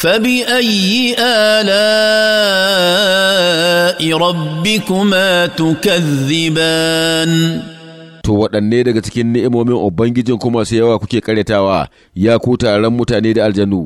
فباي الاء ربكما تكذبان To waɗanne daga cikin ni'imomin Ubangijin kuma su yawa kuke ƙaretawa ya ku taron mutane da aljanu.